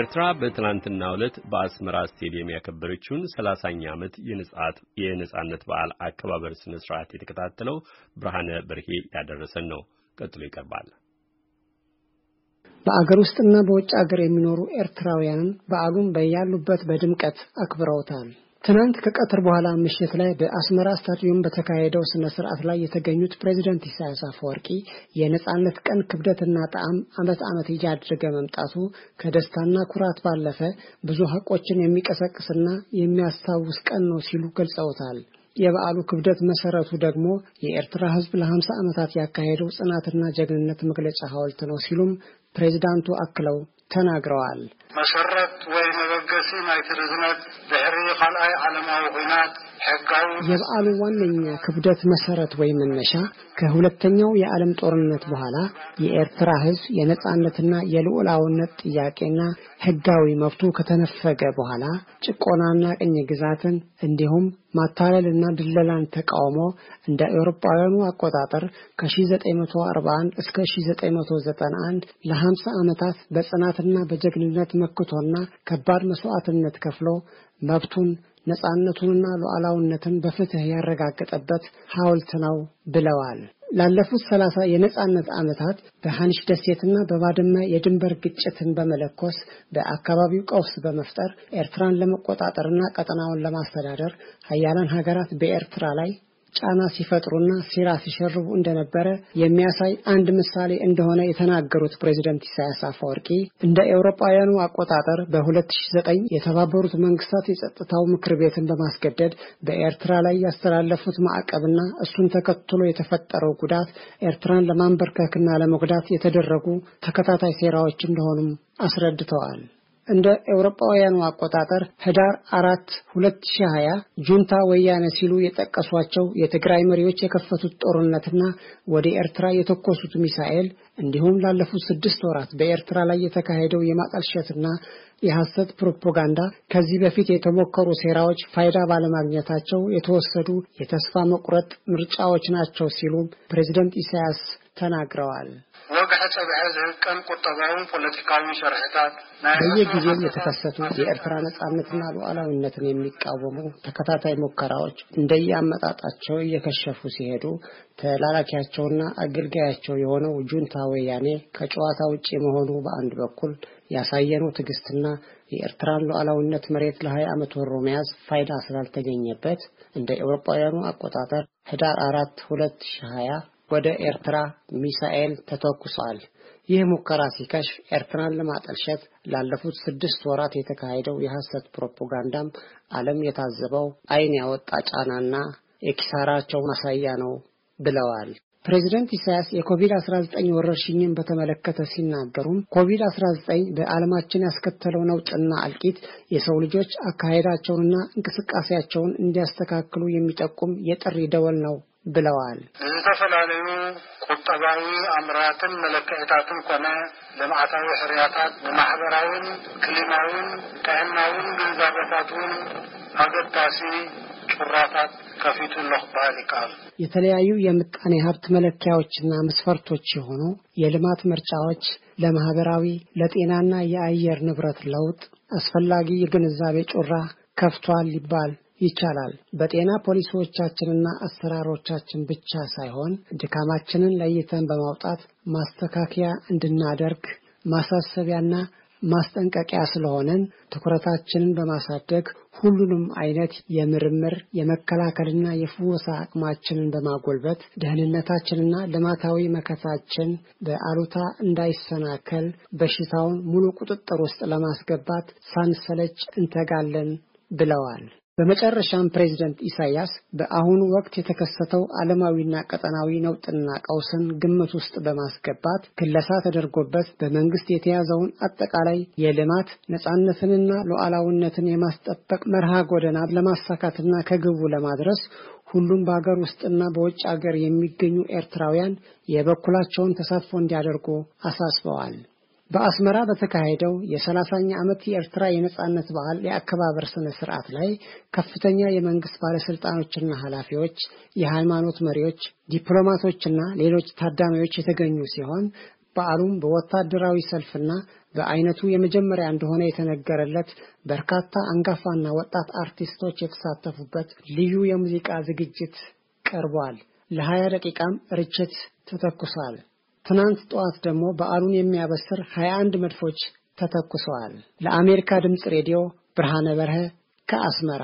ኤርትራ በትናንትናው ዕለት በአስመራ ስቴዲየም ያከበረችውን ሰላሳኛ ዓመት የነጻነት በዓል አከባበር ስነ ስርዓት የተከታተለው ብርሃነ በርሄ ያደረሰን ነው። ቀጥሎ ይቀርባል። በአገር ውስጥና በውጭ አገር የሚኖሩ ኤርትራውያንን በዓሉን በያሉበት በድምቀት አክብረውታል። ትናንት ከቀትር በኋላ ምሽት ላይ በአስመራ ስታዲየም በተካሄደው ስነ ስርዓት ላይ የተገኙት ፕሬዚደንት ኢሳያስ አፈወርቂ የነጻነት ቀን ክብደትና ጣዕም ዓመት ዓመት እያደረገ መምጣቱ ከደስታና ኩራት ባለፈ ብዙ ሐቆችን የሚቀሰቅስና የሚያስታውስ ቀን ነው ሲሉ ገልጸውታል። የበዓሉ ክብደት መሰረቱ ደግሞ የኤርትራ ሕዝብ ለሀምሳ ዓመታት ያካሄደው ጽናትና ጀግንነት መግለጫ ሐውልት ነው ሲሉም ፕሬዚዳንቱ አክለው ተናግረዋል። መሰረት ወይ መበገሲ ናይቲ ርዝመት ድሕሪ ካልኣይ ዓለማዊ ኩናት ሕጋዊ የበዓሉ ዋነኛ ክብደት መሰረት ወይ መነሻ ከሁለተኛው የዓለም ጦርነት በኋላ የኤርትራ ህዝብ የነጻነትና የልዑላውነት ጥያቄና ህጋዊ መብቱ ከተነፈገ በኋላ ጭቆናና ቅኝ ግዛትን እንዲሁም ማታለልና ድለላን ተቃውሞ እንደ ኤውሮፓውያኑ አቆጣጠር ከ1941 እስከ 1991 ለ50 ዓመታት በጽናትና በጀግንነት ተመክቶና ከባድ መስዋዕትነት ከፍሎ መብቱን ነጻነቱንና ሉዓላውነትን በፍትህ ያረጋገጠበት ሐውልት ነው ብለዋል። ላለፉት ሰላሳ የነጻነት ዓመታት በሃንሽ ደሴትና በባድመ የድንበር ግጭትን በመለኮስ በአካባቢው ቀውስ በመፍጠር ኤርትራን ለመቆጣጠርና ቀጠናውን ለማስተዳደር ሀያላን ሀገራት በኤርትራ ላይ ጫና ሲፈጥሩና ሴራ ሲሸርቡ እንደነበረ የሚያሳይ አንድ ምሳሌ እንደሆነ የተናገሩት ፕሬዚደንት ኢሳያስ አፈወርቂ እንደ ኤውሮጳውያኑ አቆጣጠር በ2009 የተባበሩት መንግስታት የጸጥታው ምክር ቤትን በማስገደድ በኤርትራ ላይ ያስተላለፉት ማዕቀብና እሱን ተከትሎ የተፈጠረው ጉዳት ኤርትራን ለማንበርከክና ለመጉዳት የተደረጉ ተከታታይ ሴራዎች እንደሆኑም አስረድተዋል። እንደ ኤውሮጳውያኑ አቆጣጠር ህዳር አራት ሁለት ሺ ሀያ ጁንታ ወያነ ሲሉ የጠቀሷቸው የትግራይ መሪዎች የከፈቱት ጦርነትና ወደ ኤርትራ የተኮሱት ሚሳኤል እንዲሁም ላለፉት ስድስት ወራት በኤርትራ ላይ የተካሄደው የማጠልሸትና የሐሰት ፕሮፓጋንዳ ከዚህ በፊት የተሞከሩ ሴራዎች ፋይዳ ባለማግኘታቸው የተወሰዱ የተስፋ መቁረጥ ምርጫዎች ናቸው ሲሉ ፕሬዚደንት ኢሳያስ ተናግረዋል። በየጊዜው የተከሰቱ የኤርትራ ነጻነትና ሉዓላዊነትን የሚቃወሙ ተከታታይ ሙከራዎች እንደየአመጣጣቸው እየከሸፉ ሲሄዱ ተላላኪያቸውና አገልጋያቸው የሆነው ጁንታ ወያኔ ከጨዋታ ውጭ መሆኑ በአንድ በኩል ያሳየኑ ትዕግስትና የኤርትራን ሉዓላዊነት መሬት ለሀያ ዓመት ወሮ መያዝ ፋይዳ ስላልተገኘበት እንደ ኤውሮጳውያኑ አቆጣጠር ህዳር አራት ሁለት ሺህ ሀያ ወደ ኤርትራ ሚሳኤል ተተኩሷል። ይህ ሙከራ ሲከሽፍ ኤርትራን ለማጠልሸት ላለፉት ስድስት ወራት የተካሄደው የሐሰት ፕሮፓጋንዳም ዓለም የታዘበው አይን ያወጣ ጫናና የኪሳራቸው ማሳያ ነው ብለዋል። ፕሬዚደንት ኢሳያስ የኮቪድ-19 ወረርሽኝን በተመለከተ ሲናገሩም ኮቪድ-19 በዓለማችን ያስከተለው ነውጥና አልቂት የሰው ልጆች አካሄዳቸውንና እንቅስቃሴያቸውን እንዲያስተካክሉ የሚጠቁም የጥሪ ደወል ነው ብለዋል። ዝተፈላለዩ ቁጠባዊ ኣምራትን መለክዕታትን ኮነ ልምዓታዊ ሕርያታት ንማሕበራውን ክሊማውን ጥዕናውን ግንዛቤታት እውን ኣገዳሲ ጩራታት ከፊቱ ኣሎ ክበሃል ይከኣል። የተለያዩ የምጣኔ ሀብት መለኪያዎችና መስፈርቶች የሆኑ የልማት ምርጫዎች ለማህበራዊ ለጤናና የአየር ንብረት ለውጥ አስፈላጊ የግንዛቤ ጩራ ከፍቷል ይባል ይቻላል። በጤና ፖሊሲዎቻችንና አሰራሮቻችን ብቻ ሳይሆን ድካማችንን ለይተን በማውጣት ማስተካከያ እንድናደርግ ማሳሰቢያና ማስጠንቀቂያ ስለሆነን ትኩረታችንን በማሳደግ ሁሉንም አይነት የምርምር የመከላከልና የፍወሳ አቅማችንን በማጎልበት ደህንነታችንና ልማታዊ መከታችን በአሉታ እንዳይሰናከል በሽታውን ሙሉ ቁጥጥር ውስጥ ለማስገባት ሳንሰለች እንተጋለን ብለዋል። በመጨረሻም ፕሬዚደንት ኢሳያስ በአሁኑ ወቅት የተከሰተው ዓለማዊና ቀጠናዊ ነውጥና ቀውስን ግምት ውስጥ በማስገባት ክለሳ ተደርጎበት በመንግስት የተያዘውን አጠቃላይ የልማት ነጻነትንና ሉዓላዊነትን የማስጠበቅ መርሃ ጎደና ለማሳካትና ከግቡ ለማድረስ ሁሉም በሀገር ውስጥና በውጭ ሀገር የሚገኙ ኤርትራውያን የበኩላቸውን ተሳትፎ እንዲያደርጉ አሳስበዋል። በአስመራ በተካሄደው የሰላሳኛ ዓመት የኤርትራ የነጻነት በዓል የአከባበር ስነ ስርዓት ላይ ከፍተኛ የመንግስት ባለስልጣኖችና ኃላፊዎች፣ የሃይማኖት መሪዎች፣ ዲፕሎማቶችና ሌሎች ታዳሚዎች የተገኙ ሲሆን በዓሉም በወታደራዊ ሰልፍና በአይነቱ የመጀመሪያ እንደሆነ የተነገረለት በርካታ አንጋፋና ወጣት አርቲስቶች የተሳተፉበት ልዩ የሙዚቃ ዝግጅት ቀርቧል። ለሀያ ደቂቃም ርችት ተተኩሷል። ትናንት ጠዋት ደግሞ በዓሉን የሚያበስር 21 መድፎች ተተኩሰዋል። ለአሜሪካ ድምፅ ሬዲዮ ብርሃነ በርሀ ከአስመራ